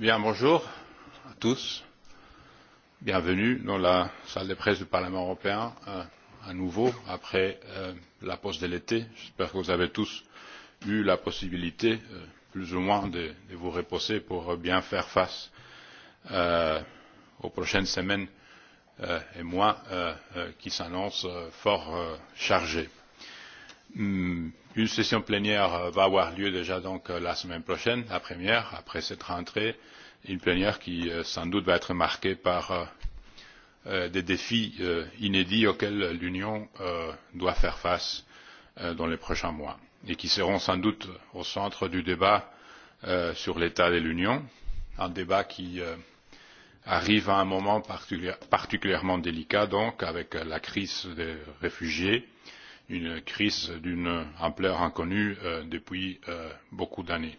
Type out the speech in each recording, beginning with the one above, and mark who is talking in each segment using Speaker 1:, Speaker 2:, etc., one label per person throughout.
Speaker 1: Bien, bonjour à tous. Bienvenue dans la salle de presse du Parlement européen euh, à nouveau après euh, la pause de l'été. J'espère que vous avez tous eu la possibilité euh, plus ou moins de, de vous reposer pour bien faire face aux prochaines semaines et mois qui s'annoncent fort chargés Hmm, une session plénière euh, va avoir lieu déjà donc euh, la semaine prochaine la première après cette rentrée une plénière qui euh, sans doute va être marquée par des défis inédits auxquels l'union doit faire face dans les prochains mois et qui seront sans doute au centre du débat sur l'état de l'union un débat qui arrive à un moment particulièrement délicat donc avec la crise des réfugiés une crise d'une ampleur inconnue euh, depuis euh, beaucoup d'années.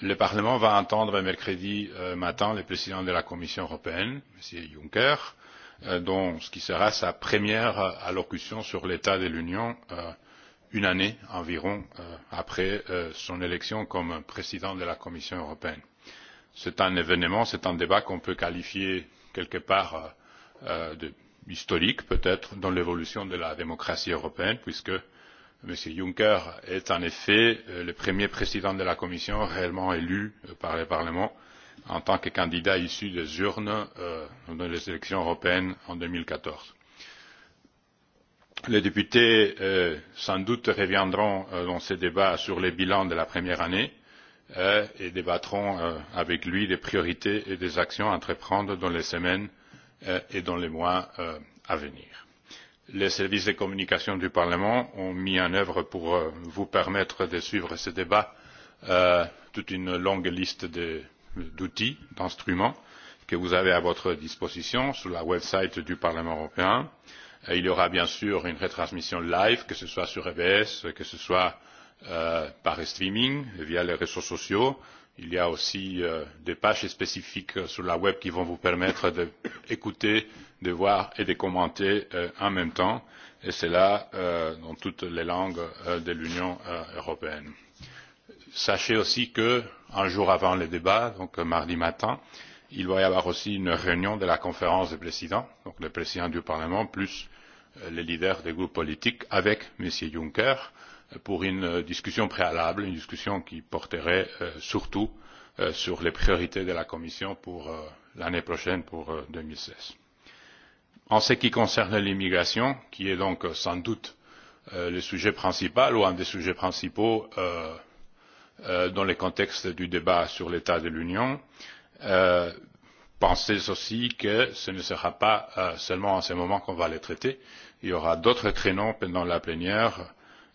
Speaker 1: Le Parlement va entendre mercredi euh, matin le président de la Commission européenne, M. Juncker, dont ce qui sera sa première allocution sur l'état de l'Union une année environ après son élection comme président de la Commission européenne. C'est un événement, c'est un débat qu'on peut qualifier quelque part de historique peut être dans l'évolution de la démocratie européenne puisque m. juncker est en effet euh, le premier président de la commission réellement élu euh, par le parlement en tant que candidat issu des urnes euh, dans les élections européennes en. deux mille quatorze les députés sans doute reviendront dans ce débat sur le bilan de la première année et débattront avec lui des priorités et des actions à entreprendre dans les semaines Euh, et dans les mois euh, à venir. les services de communication du parlement ont mis en œuvre pour euh, vous permettre de suivre ce débat toute une longue liste d'outils d'instruments que vous avez à votre disposition sur la website du parlement européen. il y aura bien sûr une retransmission live que ce soit sur ebs que ce soit par streaming via les réseaux sociaux il y a aussi euh, des pages spécifiques euh, sur la web qui vont vous permettre d'écouter de, voir et de commenter euh, en même temps et cela dans toutes les langues de l'union européenne. sachez aussi qu'un jour avant le débat donc mardi matin il va y avoir aussi une réunion de la conférence des présidents donc le président du parlement plus les leaders des groupes politiques avec m. juncker pour une euh, discussion préalable une discussion qui porterait euh, surtout euh, sur les priorités de la commission pour l'année prochaine pour. deux mille seize en ce qui concerne l'immigration qui est donc sans doute le sujet principal ou un des sujets principaux dans le contexte du débat sur l'état de l'union pensez aussi que ce ne sera pas seulement en ce moment qu'on va les traiter il y aura d'autres créneaux pendant la plénière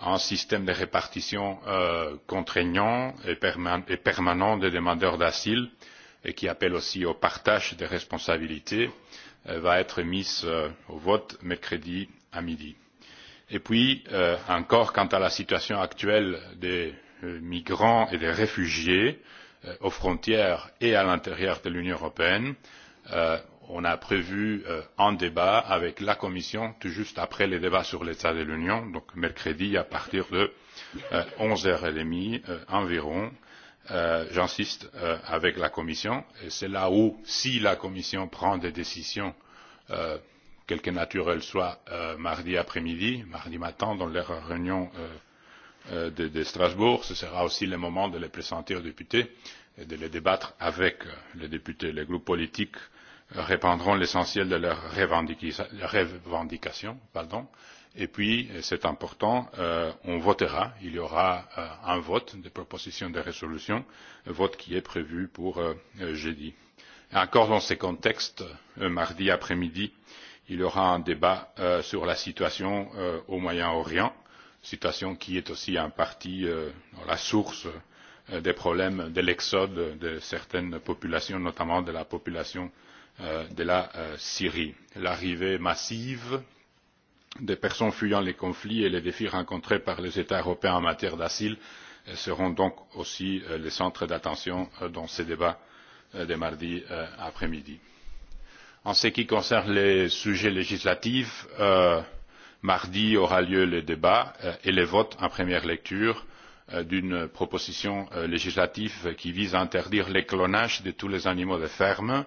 Speaker 1: un système de répartition euh, contraignant et, permanent des demandeurs d'asile et qui appelle aussi au partage des responsabilités euh, va être mis euh, au vote mercredi à midi. Et puis, encore quant à la situation actuelle des migrants et des réfugiés aux frontières et à l'intérieur de l'Union européenne, on a prévu euh, un débat avec la commission tout juste après les débats sur l'état de l'union donc mercredi à partir de euh, onze heures et euh, environ j'insiste avec la commission et c'est là où si la commission prend des décisions quelque que naturelles soient mardi après midi mardi matin dans leur réunion de, de Strasbourg, ce sera aussi le moment de les présenter aux députés et de les débattre avec les députés, les groupes politiques répandront l'essentiel de leurs revendications et puis c'est important euh, on votera il y aura euh, un vote des propositions de résolution vote qui est prévu pour euh, jeudi. encore dans ce contexte mardi après midi il y aura un débat sur la situation au moyen orient situation qui est aussi en partie la source des problèmes de l'exode de certaines populations notamment de la population Euh, de la euh, Syrie. L'arrivée massive des personnes fuyant les conflits et les défis rencontrés par les États européens en matière d'asile euh, seront donc aussi les centres d'attention dans ces débats de mardi après midi. En ce qui concerne les sujets législatifs, mardi aura lieu le débat et le vote en première lecture d'une proposition législative qui vise à interdire le clonage de tous les animaux de ferme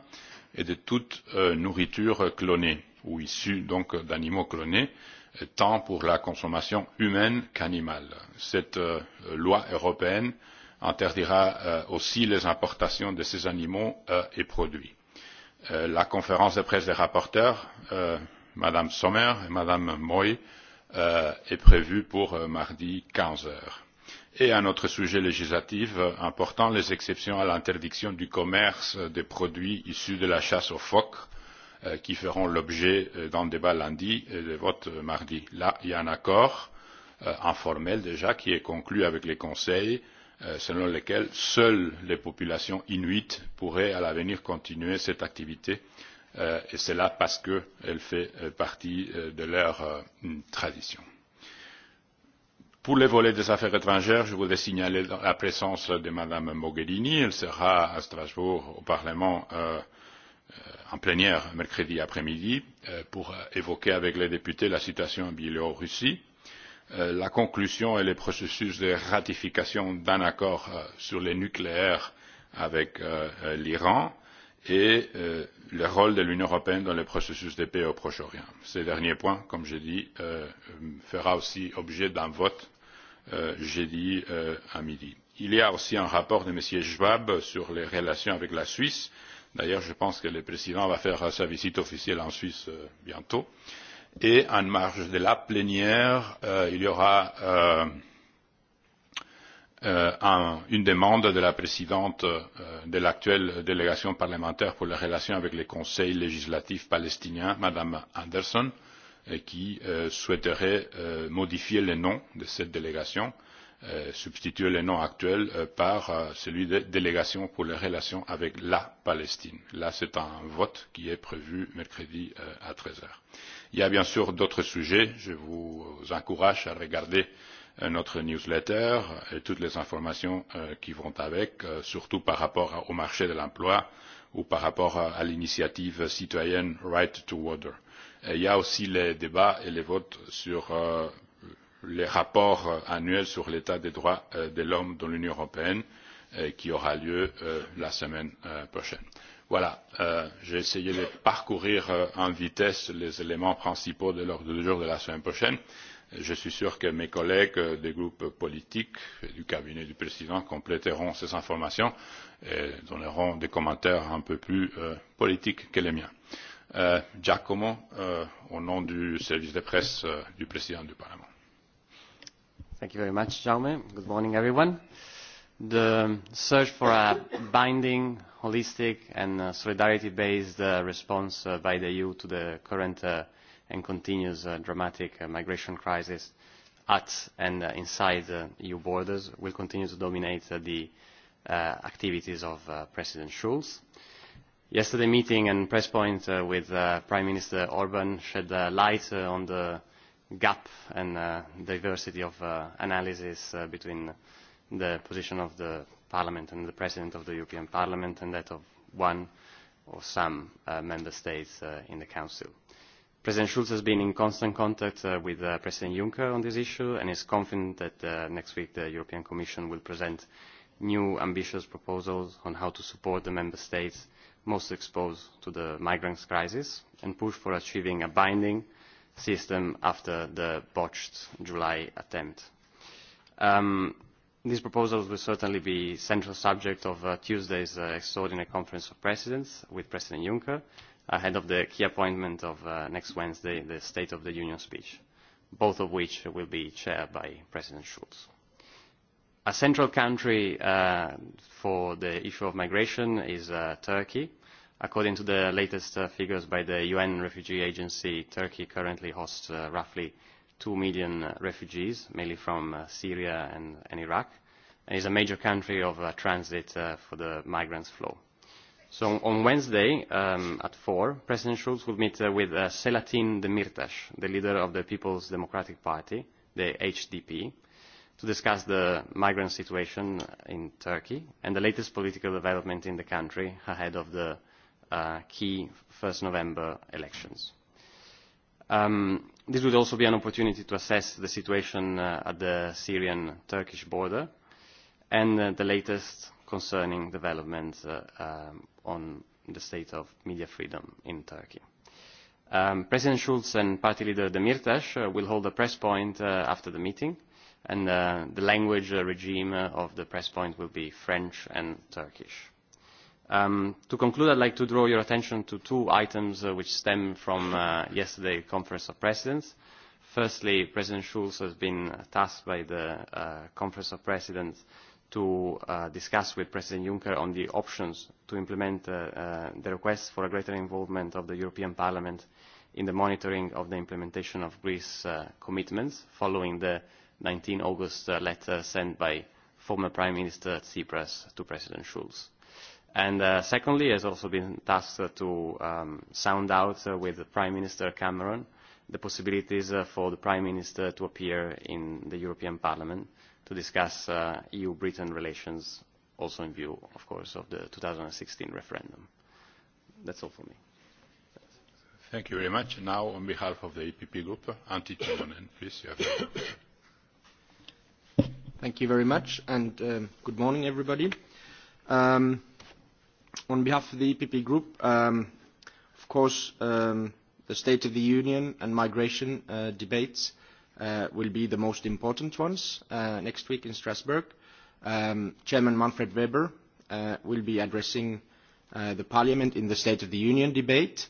Speaker 1: et de toute euh, nourriture clonée ou issue donc d'animaux clonés euh, tant pour la consommation humaine qu'animale. cette euh, loi européenne interdira aussi les importations de ces animaux et produits. la conférence de presse des rapporteurs mme sommer et mme moi est prévue pour mardi quinze heures et un autre sujet législatif euh, important les exceptions à l'interdiction du commerce des produits issus de la chasse aux phoques euh, qui feront l'objet euh, d'un débat lundi et de vote mardi. là il y a un accord informel déjà qui est conclu avec les Conseils, selon lequel seules les populations inuites pourraient à l'avenir continuer cette activité et cela parce qu'elle fait partie de leur tradition. Pour le volet des affaires étrangères, je voudrais signaler la présence de Mme Mogherini. Elle sera à Strasbourg au Parlement euh, euh, en plénière mercredi après-midi euh, pour évoquer avec les députés la situation en Biélorussie, la conclusion et le processus de ratification d'un accord sur le nucléaire avec l'Iran et le rôle de l'Union européenne dans le processus de paix au Proche-Orient. Ce dernier point, comme je l'ai dit, fera aussi objet d'un vote Euh, jeudi euh, à midi. il y a aussi un rapport de m. schwab sur les relations avec la suisse d'ailleurs je pense que le président va faire sa visite officielle en suisse euh, bientôt et en marge de la plénière il y aura une demande de la présidente de l'actuelle délégation parlementaire pour les relations avec le conseil législatif palestinien mme anderson Euh, qui euh, souhaiterait euh, modifier le nom de cette délégation substituer le nom actuel par celui de délégation pour les relations avec la Palestine. Là, c'est un vote qui est prévu mercredi à 13h. Il y a bien sûr d'autres sujets. Je vous encourage à regarder notre newsletter et toutes les informations qui vont avec, surtout par rapport au marché de l'emploi ou par rapport à, l'initiative citoyenne Right to Water. Et il y a aussi les débats et les votes sur euh, les rapports euh, annuels sur l'état des droits euh, de l'homme dans l'Union européenne qui aura lieu la semaine prochaine. Voilà, j'ai essayé de parcourir en vitesse les éléments principaux de l'ordre du jour de la semaine prochaine je suis sûr que mes collègues des groupes politiques et du cabinet du président compléteront ces informations et donneront des commentaires un peu plus euh, politiques que les miens. Euh, Giacomo, euh, au nom du service de presse du président du Parlement. Thank you very much, Jaume.
Speaker 2: Good morning, everyone. The search for a binding, holistic and uh, solidarity-based uh, response uh, by the EU to the current and continuous dramatic uh, migration crisis at and uh, inside the uh, EU borders will continue to dominate the activities of President Schulz. Yesterday meeting and press point with Prime Minister Orban shed light on the gap and diversity of analysis between the position of the Parliament and the President of the European Parliament and that of one or some member states in the Council. President Schulz has been in constant contact uh, with uh, President Juncker on this issue and is confident that uh, next week the European Commission will present new ambitious proposals on how to support the member states most exposed to the migrants crisis and push for achieving a binding system after the botched July attempt. Um, these proposals will certainly be central subject of Tuesday's extraordinary conference of presidents with President Juncker ahead of the key appointment of uh, next Wednesday, the State of the Union speech, both of which will be chaired by President Schulz. A central country uh, for the issue of migration is uh, Turkey. According to the latest uh, figures by the UN Refugee Agency, Turkey currently hosts uh, roughly 2 million refugees, mainly from uh, Syria and, and Iraq, and is a major country of uh, transit uh, for the migrants' flow So on Wednesday um, at 4, President Schulz will meet uh, with uh, Selatin Demirtas, the leader of the People's Democratic Party, the HDP, to discuss the migrant situation in Turkey and the latest political development in the country ahead of the uh, key 1st November elections. Um, this would also be an opportunity to assess the situation uh, at the Syrian-Turkish border and the latest concerning development uh, um, on the state of media freedom in Turkey. Um, President Schulz and party leader Demirtas uh, will hold a press point uh, after the meeting, and uh, the language regime of the press point will be French and Turkish. Um, to conclude, I'd like to draw your attention to two items which stem from yesterday's Conference of Presidents. Firstly, President Schulz has been tasked by the Conference of Presidents to uh, discuss with President Juncker on the options to implement uh, uh, the request for a greater involvement of the European Parliament in the monitoring of the implementation of Greece commitments following the 19 August letter sent by former Prime Minister Tsipras to President Schulz. And secondly, has also been tasked to um, sound out with Prime Minister Cameron the possibilities for the Prime Minister to appear in the European Parliament to discuss uh, EU-Britain relations, also in view, of course, of the 2016 referendum.
Speaker 1: That's all for me. Thank you very much. Now, on behalf of the EPP Group, Antti Timonen, please. You have
Speaker 3: Thank you very much, and um, good morning, everybody. Um, on behalf of the EPP Group, um, of course, um, the State of the Union and migration uh, debates Uh, will be the most important ones uh, next week in Strasbourg. Um, Chairman Manfred Weber uh, will be addressing the Parliament in the State of the Union debate.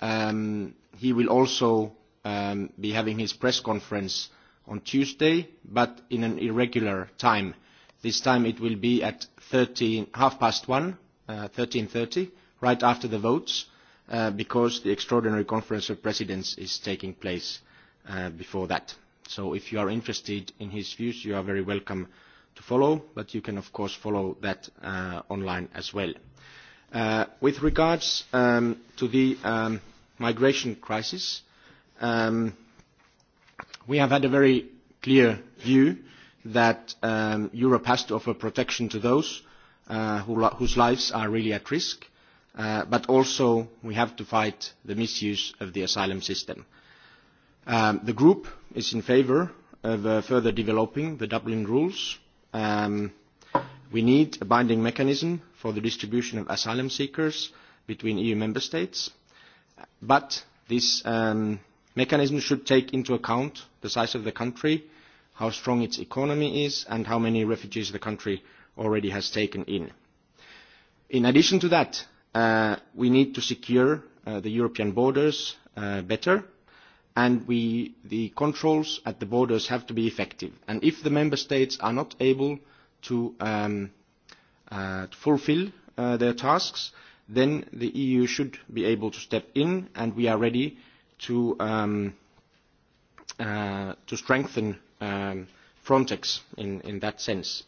Speaker 3: Um, he will also um, be having his press conference on Tuesday, but in an irregular time. This time it will be at half past one, uh, 13.30, right after the votes, because the extraordinary conference of presidents is taking place Uh, before that. So if you are interested in his views, you are very welcome to follow, but you can of course follow that uh, online as well. Uh, with regards um, to the um, migration crisis, um, we have had a very clear view that Europe has to offer protection to those who, whose lives are really at risk, but also we have to fight the misuse of the asylum system Um, the group is in favour of uh, further developing the Dublin rules. Um, we need a binding mechanism for the distribution of asylum seekers between EU member states, but this um, mechanism should take into account the size of the country, how strong its economy is, and how many refugees the country already has taken in. In addition to that, uh, we need to secure uh, the European borders better and we, the controls at the borders have to be effective. And if the member states are not able to, um, uh, to fulfill uh, their tasks, then the EU should be able to step in, and we are ready to, um, uh, to strengthen um, Frontex in, that sense.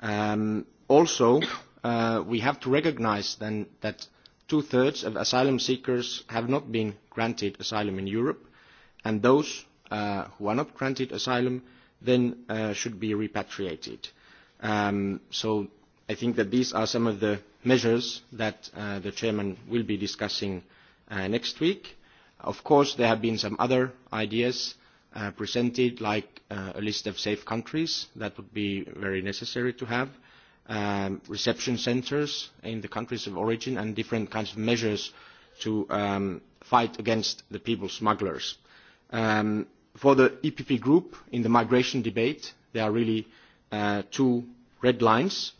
Speaker 3: Um, also, we have to recognize then that two-thirds of asylum seekers have not been granted asylum in Europe, and those uh, who are not granted asylum then uh, should be repatriated. Um, so I think that these are some of the measures that uh, the chairman will be discussing next week. Of course, there have been some other ideas presented, like a list of safe countries that would be very necessary to have, um, reception centres in the countries of origin, and different kinds of measures to um, fight against the people smugglers. Um, for the EPP group, in the migration debate, there are really uh, two red lines.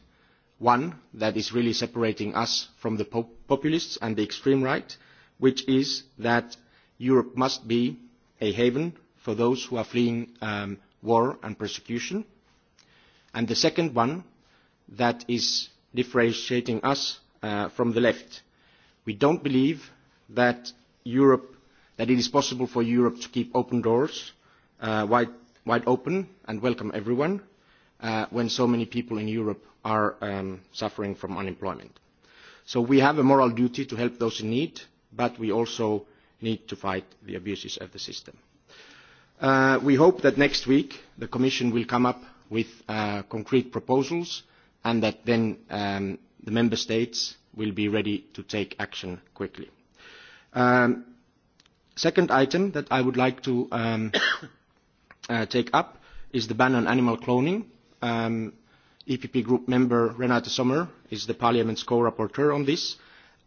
Speaker 3: One that is really separating us from the populists and the extreme right, which is that Europe must be a haven for those who are fleeing um, war and persecution. And the second one that is differentiating us uh, from the left. We don't believe that Europe that it is possible for Europe to keep open doors uh, wide, wide open and welcome everyone uh, when so many people in Europe are um, suffering from unemployment. So we have a moral duty to help those in need, but we also need to fight the abuses of the system. Uh, we hope that next week the Commission will come up with concrete proposals and that then um, the Member States will be ready to take action quickly. Um, second item that i would like to um, uh, take up is the ban on animal cloning um, epp group member renate sommer is the parliament's co-rapporteur on this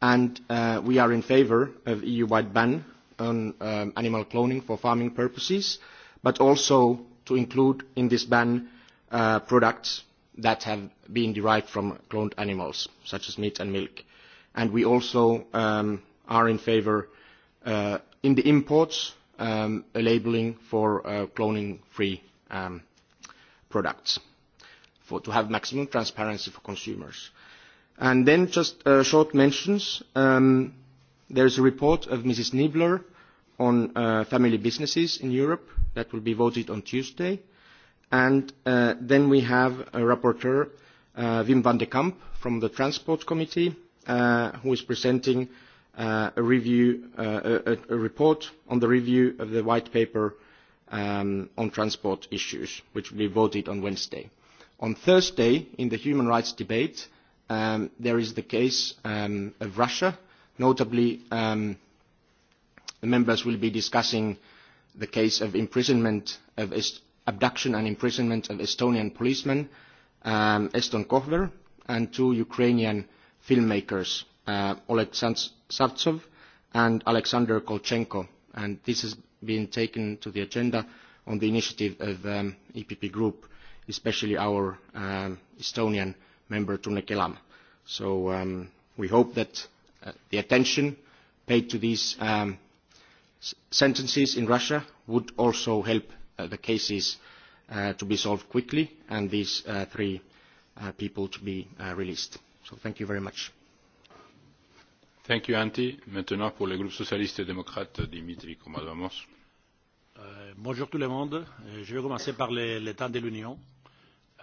Speaker 3: and uh, we are in favour of eu wide ban on um, animal cloning for farming purposes but also to include in this ban uh, products that have been derived from cloned animals such as meat and milk and we also are in favour uh, in the imports um, a labelling for uh, cloning free um, products for, to have maximum transparency for consumers. And then just uh, short mentions. Um, there is a report of Mrs. Niebler on uh, family businesses in Europe that will be voted on Tuesday. And uh, then we have a rapporteur, uh, Wim van de Kamp from the Transport Committee, uh, who is presenting Uh, a review, uh, a, report on the review of the white paper um, on transport issues, which will be voted on Wednesday. On Thursday, in the human rights debate, um, there is the case um, of Russia. Notably, the members will be discussing the case of imprisonment of abduction and imprisonment of Estonian policeman Eston Kohver and two Ukrainian filmmakers Uh, Oleg Savtsov and Alexander Kolchenko, and this has been taken to the agenda on the initiative of the um, EPP group, especially our uh, Estonian member Tune Kelam. So um, we hope that uh, the attention paid to these um, sentences in Russia would also help the cases to be solved quickly and these three people to be released. So thank you very much.
Speaker 1: Thank you, Antti. Maintenant, pour le groupe socialiste et démocrate, Dimitri Komadamos.
Speaker 4: Euh, bonjour tout le monde. Euh, je vais commencer par l'état de l'Union.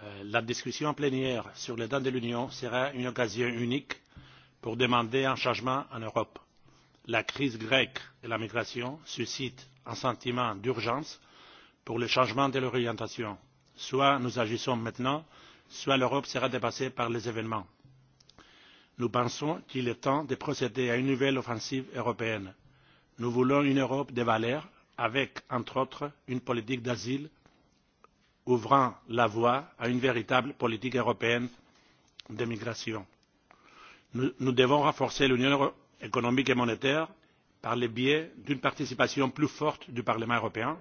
Speaker 4: Euh, la discussion plénière sur l'état de l'Union sera une occasion unique pour demander un changement en Europe. La crise grecque et la migration suscitent un sentiment d'urgence pour le changement de l'orientation. Soit nous agissons maintenant, soit l'Europe sera dépassée par les événements nous pensons qu'il est temps de procéder à une nouvelle offensive européenne. nous voulons une europe des valeurs avec entre autres une politique d'asile ouvrant la voie à une véritable politique européenne de migration. Nous, nous devons renforcer l'union économique et monétaire par le biais d'une participation plus forte du parlement européen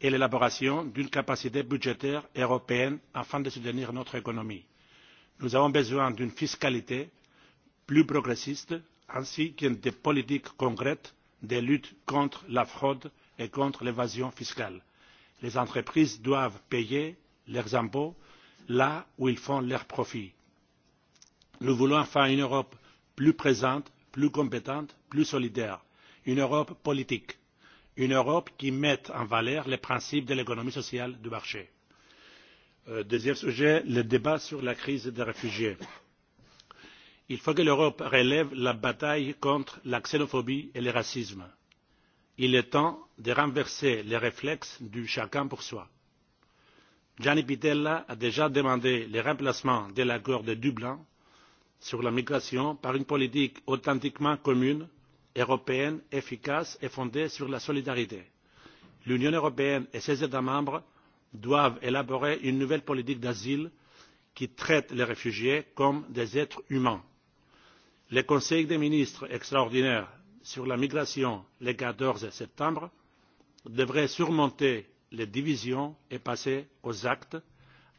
Speaker 4: et l'élaboration d'une capacité budgétaire européenne afin de soutenir notre économie nous avons besoin d'une fiscalité plus progressiste ainsi que de politiques concrètes de lutte contre la fraude et contre l'évasion fiscale. les entreprises doivent payer leurs impôts là où elles font leurs profits. nous voulons enfin une europe plus présente plus compétente plus solidaire une europe politique une europe qui mette en valeur les principes de l'économie sociale de marché. Euh, deuxième sujet le débat sur la crise des réfugiés. il faut que l'europe relève la bataille contre la xénophobie et le racisme. il est temps de renverser le réflexe du chacun pour soi. gianni pittella a déjà demandé le remplacement de l'accord de dublin sur la migration par une politique authentiquement commune européenne efficace et fondée sur la solidarité. l'union européenne et ses états membres doivent élaborer une nouvelle politique d'asile qui traite les réfugiés comme des êtres humains. le conseil des ministres extraordinaire sur la migration le quatorze septembre devrait surmonter les divisions et passer aux actes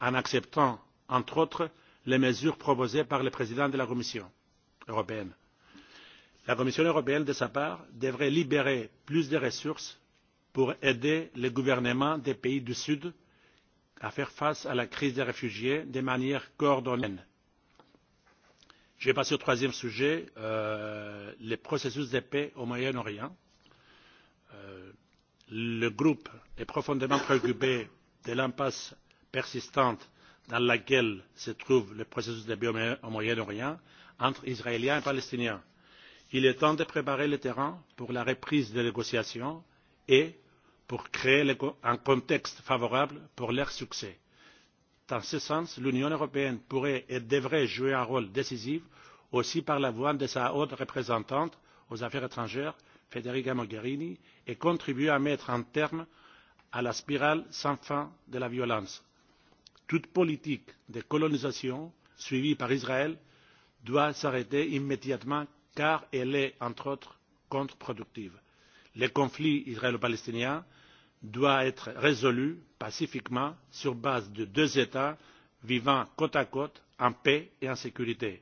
Speaker 4: en acceptant entre autres les mesures proposées par le président de la commission européenne. la commission européenne de sa part devrait libérer plus de ressources pour aider les gouvernements des pays du sud à faire face à la crise des réfugiés de manière coordonnée. je vais passer au troisième sujet euh, le processus de paix au moyen orient. Euh, le groupe est profondément préoccupé de l'impasse persistante dans laquelle se trouve le processus de paix au moyen orient entre israéliens et palestiniens. il est temps de préparer le terrain pour la reprise des négociations et pour créer un contexte favorable pour leur succès. dans ce sens l'union européenne pourrait et devrait jouer un rôle décisif aussi par la voix de sa haute représentante aux affaires étrangères federica mogherini et contribuer à mettre un terme à la spirale sans fin de la violence. toute politique de colonisation suivie par israël doit s'arrêter immédiatement car elle est entre autres contreproductive le conflit israélo palestinien doit être résolu pacifiquement sur la base de deux états vivant côte à côte en paix et en sécurité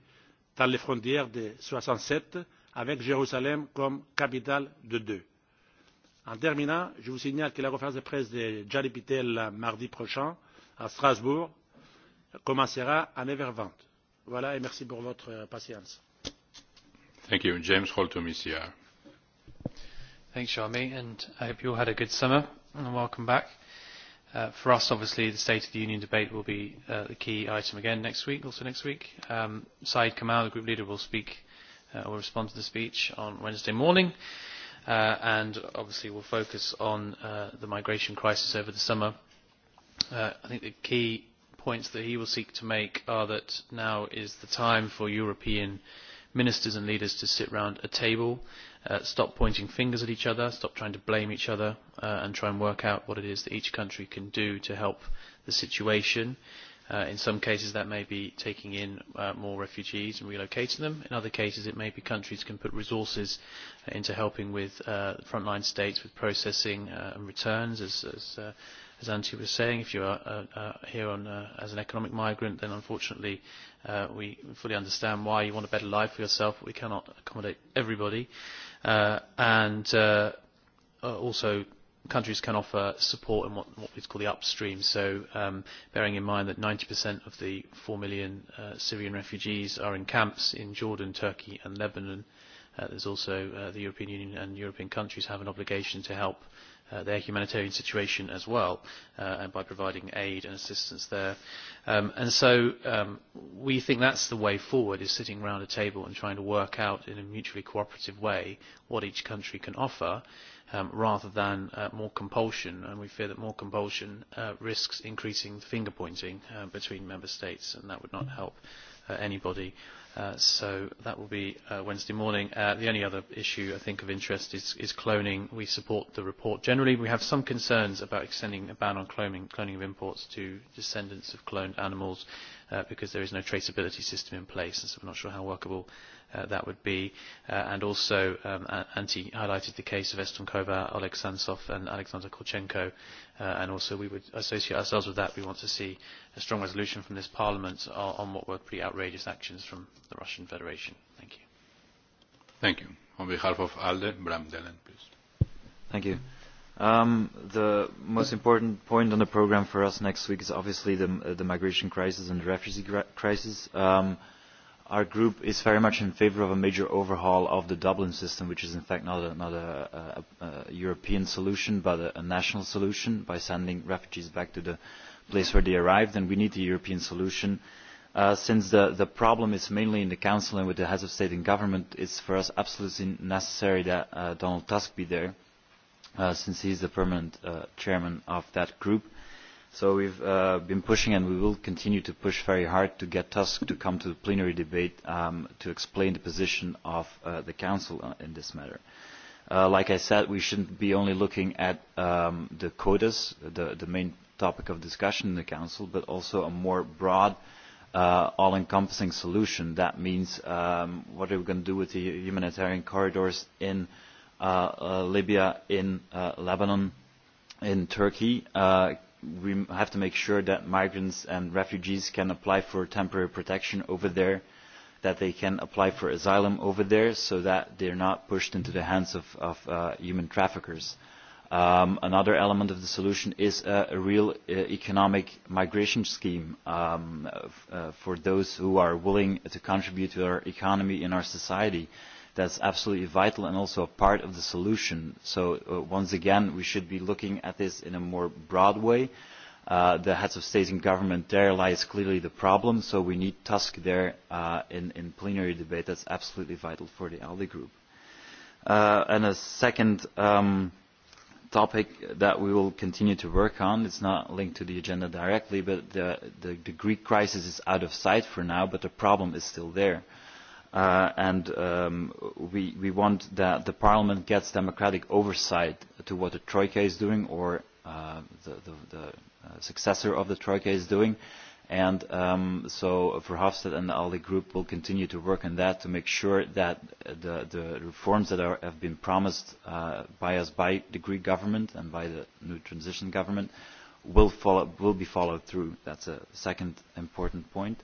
Speaker 4: dans les frontières de mille neuf cent soixante sept avec jérusalem comme capitale de deux. en terminant je vous signale que la conférence de presse de gianni pittella euh, mardi prochain à strasbourg commencera à neuf h vingt. voilà et merci pour votre euh, patience.
Speaker 5: Thanks, Charmy, and I hope you all had a good summer and welcome back. Uh, for us, obviously, the State of the Union debate will be uh, the key item again next week, also next week. Um, Saeed Kamal, the group leader, will speak uh, respond to the speech on Wednesday morning, uh, and obviously will focus on uh, the migration crisis over the summer. Uh, I think the key points that he will seek to make are that now is the time for European ministers and leaders to sit round a table Uh, stop pointing fingers at each other, stop trying to blame each other, uh, and try and work out what it is that each country can do to help the situation. Uh, in some cases, that may be taking in more refugees and relocating them. In other cases, it may be countries can put resources into helping with uh, frontline states with processing and returns, as, as, as Antti was saying. If you are here on, as an economic migrant, then unfortunately we fully understand why you want a better life for yourself, but we cannot accommodate everybody. Uh, and uh, uh, also countries can offer support in what, what we call the upstream. So um, bearing in mind that 90% of the 4 million uh, Syrian refugees are in camps in Jordan, Turkey and Lebanon, uh, there's also uh, the European Union and European countries have an obligation to help Uh, their humanitarian situation as well uh, and by providing aid and assistance there. Um, and so um, we think that's the way forward is sitting around a table and trying to work out in a mutually cooperative way what each country can offer um, rather than uh, more compulsion. And we fear that more compulsion uh, risks increasing finger pointing uh, between member states and that would not help Uh, anybody. Uh, so that will be uh, Wednesday morning. Uh, the only other issue I think of interest is, is cloning. We support the report. Generally, we have some concerns about extending a ban on cloning, cloning of imports to descendants of cloned animals uh, because there is no traceability system in place, and so we're not sure how workable Uh, that would be, uh, and also um, highlighted the case of Eston Kova, Oleg Sansov and Alexander Kolchenko, uh, and also we would associate ourselves with that. We want to see a strong resolution from this Parliament on, on what were pretty outrageous actions from the Russian Federation. Thank you.
Speaker 1: Thank you. On behalf of ALDE, Bram Delen, please.
Speaker 6: Thank you. Um, the most important point on the program for us next week is obviously the, uh, the migration crisis and the refugee crisis. Um, our group is very much in favour of a major overhaul of the Dublin system, which is in fact not a, European solution, but a, national solution by sending refugees back to the place where they arrived. And we need the European solution. Uh, since the, problem is mainly in the Council and with the heads of state and government, is for us absolutely necessary that uh, Donald Tusk be there, uh, since he is the permanent uh, chairman of that group So we've uh, been pushing and we will continue to push very hard to get Tusk to come to the plenary debate um, to explain the position of uh, the Council in this matter. Uh, like I said, we shouldn't be only looking at um, the quotas, the, the main topic of discussion in the Council, but also a more broad, uh, all-encompassing solution. That means um, what are we going to do with the humanitarian corridors in uh, uh, Libya, in uh, Lebanon, in Turkey? Uh, we have to make sure that migrants and refugees can apply for temporary protection over there, that they can apply for asylum over there so that they are not pushed into the hands of, of uh, human traffickers. Um, another element of the solution is a real uh, economic migration scheme um, uh, for those who are willing to contribute to our economy and our society that's absolutely vital and also a part of the solution. So uh, once again, we should be looking at this in a more broad way. Uh, the heads of state and government, there lies clearly the problem, so we need Tusk there uh, in, in plenary debate. That's absolutely vital for the ALDE group. and a second um, topic that we will continue to work on, it's not linked to the agenda directly, but the, the, the Greek crisis is out of sight for now, but the problem is still there. Uh, and um, we, we want that the parliament gets democratic oversight to what the troika is doing or uh, the, the, the uh, successor of the troika is doing. And um, so Verhofstadt and the ALDE group will continue to work on that to make sure that the, the reforms that are, have been promised uh, by us by the Greek government and by the new transition government will, follow, will be followed through. That's a second important point.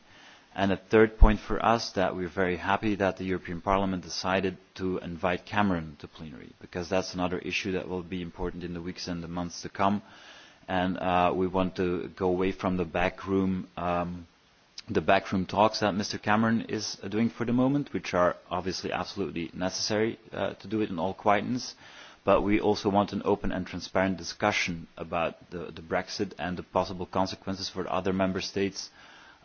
Speaker 6: And a third point for us that we are very happy that the European Parliament decided to invite Cameron to plenary, because that's another issue that will be important in the weeks and the months to come. And uh, we want to go away from the backroom um, the backroom talks that Mr Cameron is uh, doing for the moment, which are obviously absolutely necessary uh, to do it in all quietness. But we also want an open and transparent discussion about the, the Brexit and the possible consequences for other Member States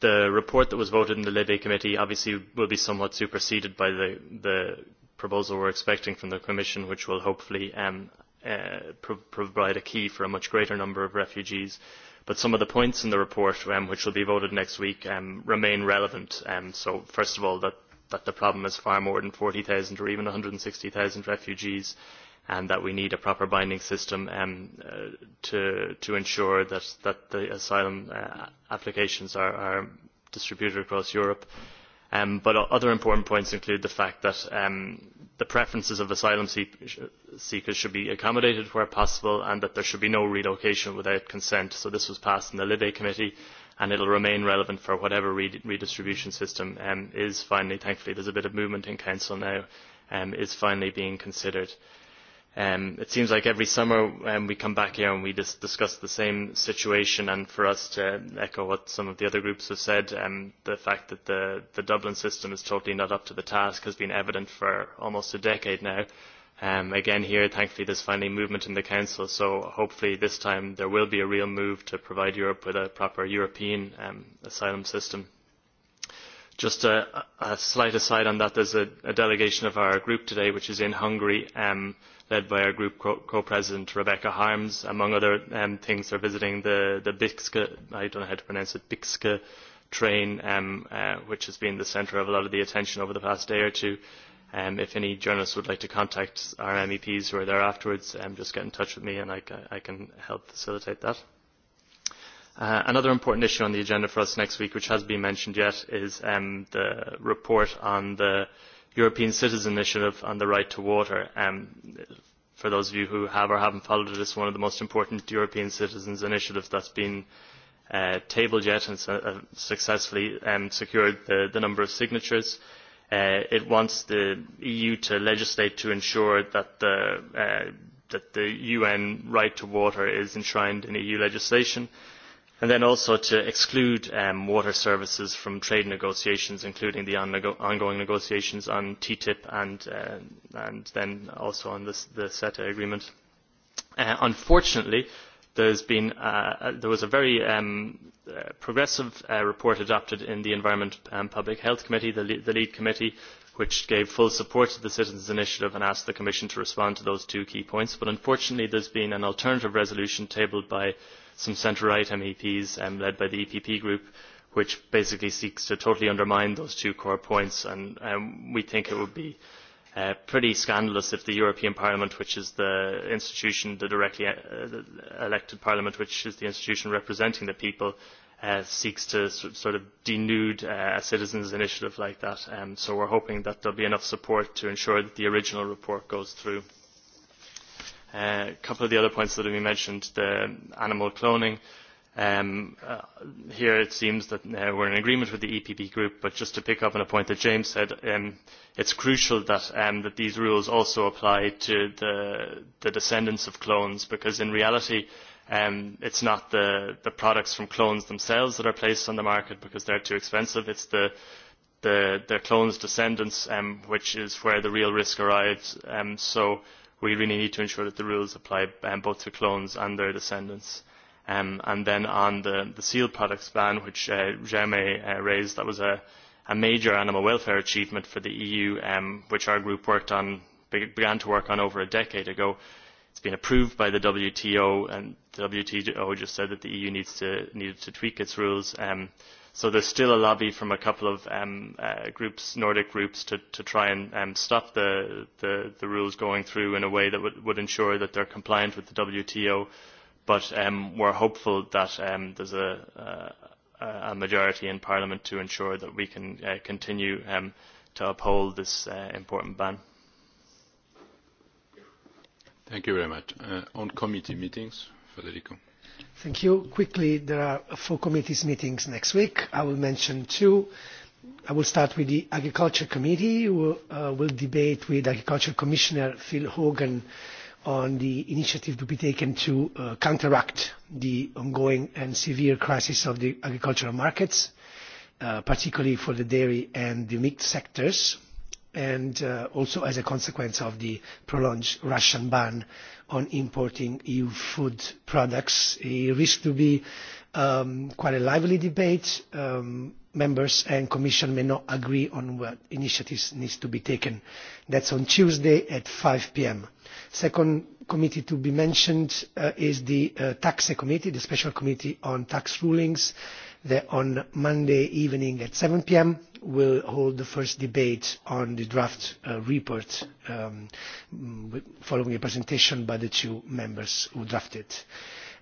Speaker 7: the report that was voted in the libe committee obviously will be somewhat superseded by the, the proposal we are expecting from the commission which will hopefully um, uh, provide a key for a much greater number of refugees but some of the points in the report um, which will be voted next week um, remain relevant. Um, so first of all that, that the problem is far more than forty or even one hundred and sixty refugees and that we need a proper binding system um, uh, to, to ensure that, that the asylum uh, applications are, are distributed across Europe. Um, but other important points include the fact that um, the preferences of asylum seekers should be accommodated where possible and that there should be no relocation without consent. So this was passed in the LIBE Committee and it will remain relevant for whatever redistribution system um, is finally, thankfully there's a bit of movement in Council now, um, is finally being considered. Um, it seems like every summer um, we come back here and we discuss the same situation and for us to echo what some of the other groups have said, um, the fact that the, the Dublin system is totally not up to the task has been evident for almost a decade now. Um, again here, thankfully, there's finally movement in the Council, so hopefully this time there will be a real move to provide Europe with a proper European um, asylum system. Just a, a slight aside on that, there's a, a delegation of our group today which is in Hungary. Um, led by our group co president Rebecca Harms. Among other um, things, they're visiting the, the Bixke, I don't know how to pronounce it, Bixke train, um, uh, which has been the centre of a lot of the attention over the past day or two. Um, if any journalists would like to contact our MEPs who are there afterwards, um, just get in touch with me and I, I can help facilitate that. Uh, another important issue on the agenda for us next week, which has been mentioned yet, is um, the report on the European Citizen Initiative on the Right to Water. Um, for those of you who have or haven't followed it, it's one of the most important European Citizens Initiatives that's been uh, tabled yet and uh, successfully um, secured the, number of signatures. Uh, it wants the EU to legislate to ensure that the, UN right to water is enshrined in EU legislation and then also to exclude um, water services from trade negotiations including the ongoing negotiations on ttip and, uh, then also on the ceta agreement. Uh, unfortunately been, uh, there was a very um, progressive report adopted in the environment and public health committee the lead committee which gave full support to the citizens' initiative and asked the commission to respond to those two key points but unfortunately there has been an alternative resolution tabled by some centre right meps um, led by the epp group which basically seeks to totally undermine those two core points and um, we think it would be uh, pretty scandalous if the european parliament which is the institution the directly uh, elected parliament which is the institution representing the people uh, seeks to sort of denude uh, a citizens' initiative like that. Um, so we're hoping that there'll be enough support to ensure that the original report goes through. Uh, a couple of the other points that have been mentioned, the animal cloning. Um, uh, here it seems that uh, we're in agreement with the EPP group, but just to pick up on a point that James said, um, it's crucial that, um, that these rules also apply to the, the descendants of clones, because in reality, Um, it is not the, the products from clones themselves that are placed on the market because they are too expensive it is the, the, clones' descendants um, which is where the real risk arrives um, so we really need to ensure that the rules apply um, both to clones and their descendants. Um, and then on the seal products ban which uh, jeremy uh, raised that was a, a major animal welfare achievement for the eu um, which our group worked on began to work on over a decade ago. It's been approved by the WTO, and the WTO just said that the EU needs to, needed to tweak its rules. Um, so there's still a lobby from a couple of um, uh, groups, Nordic groups, to, to try and um, stop the, the, the rules going through in a way that would, would ensure that they're compliant with the WTO. But um, we're hopeful that um, there's a, a, a majority in Parliament to ensure that we can uh, continue um, to uphold this uh,
Speaker 1: important ban. Thank you very much. Uh, on committee meetings, Federico.
Speaker 8: Thank you. Quickly, there are four committees meetings next week. I will mention two. I will start with the Agriculture Committee. We uh, will debate with Agriculture Commissioner Phil Hogan on the initiative to be taken to uh, counteract the ongoing and severe crisis of the agricultural markets, particularly for the dairy and the meat sectors and uh, also as a consequence of the prolonged Russian ban on importing EU food products. It risks to be um, quite a lively debate. Um, members and Commission may not agree on what initiatives need to be taken. That's on Tuesday at 5 p.m. Second committee to be mentioned uh, is the uh, Taxe Committee, the Special Committee on Tax Rulings. on Monday evening at 7 p.m will hold the first debate on the draft uh, report um, following a presentation by the two members who drafted.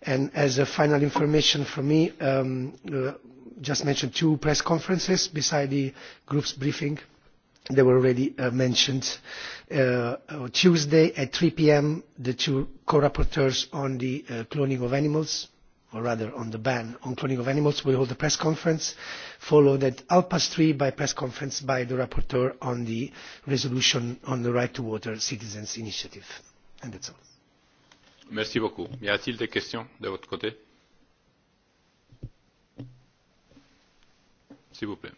Speaker 8: And as a final information from me, um, uh, just mentioned two press conferences beside the group's briefing. They were already uh, mentioned. on Tuesday at 3 p.m., the two co-rapporteurs on the cloning of animals or rather on the ban on cloning of animals we hold a press conference followed at Alpas 3 by press conference by the rapporteur on the resolution on the right to water citizens' initiative. and that's all.
Speaker 1: Merci beaucoup. Y a-t-il des questions de votre côté S'il vous plaît.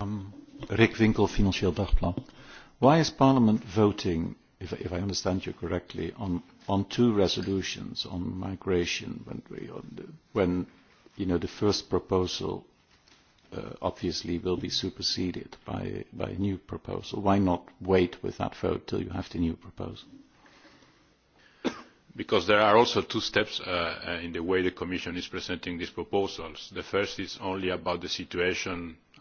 Speaker 6: Um, Rick Winkel, Financieel Dagblad. Why is Parliament voting if, if I understand you correctly, on, on two resolutions on migration, when, we, the, when you know, the first proposal uh, obviously will be superseded by, by a new proposal. Why not wait with that vote till you have the new proposal?
Speaker 1: Because there are also two steps uh, uh, in the way the Commission is presenting these proposals. The first is only about the situation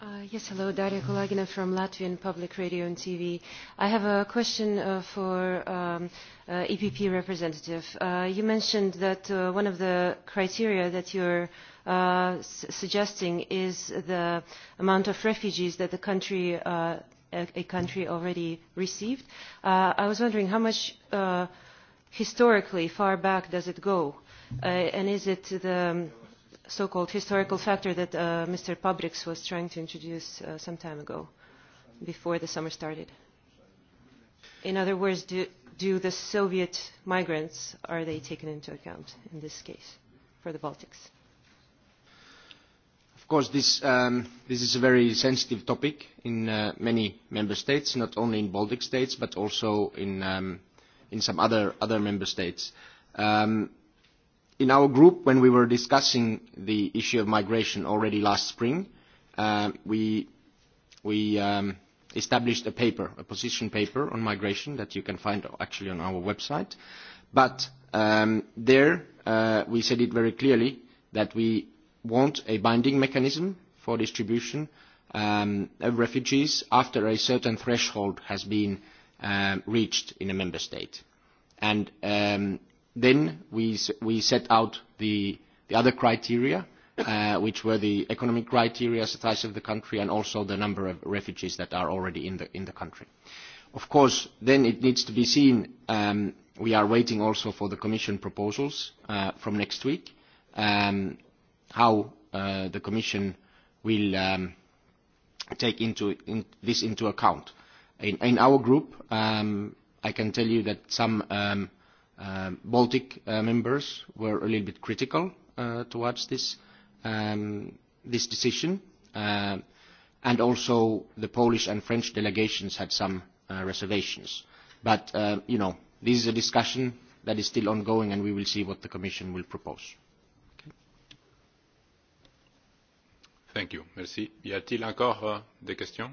Speaker 3: Uh, yes, hello, Daria Kolagina from Latvian Public Radio and TV. I have a question uh, for um, uh, EPP representative. Uh, you mentioned that uh, one of the criteria that you're uh, s suggesting is the amount of refugees that the country, uh, a, a country already received. Uh, I was wondering how much uh, historically far back does it go? Uh, and is it the so-called historical factor that uh, Mr. Pabriks was trying to introduce uh, some time ago, before the summer started? In other words, do, do the Soviet migrants, are they taken into account in this case for the Baltics? Of course, this, um, this is a very sensitive topic in uh, many member states, not only in Baltic states, but also in, um, in some other, other member states. Um, in our group, when we were discussing the issue of migration already last spring, um, we, we um, established a paper, a position paper on migration that you can find actually on our website. But um, there uh, we said it very clearly that we want a binding mechanism for distribution um, of refugees after a certain threshold has been uh, reached in a member state. And Then we, we set out the, the other criteria, uh, which were the economic criteria, the size of the country, and also the number of refugees that are already in the, in the country. Of course, then it needs to be seen, um, we are waiting also for the Commission proposals uh, from next week, um, how uh, the Commission will um, take into, this into account. in our group, I can tell you that some Um, Baltic uh, members were a little bit critical uh, towards this, um, this decision. Uh, and also the Polish and French delegations had some reservations. But, you know, this is a discussion that is still ongoing and we will see what the Commission will propose.
Speaker 1: Thank you. Merci. Y a-t-il encore des questions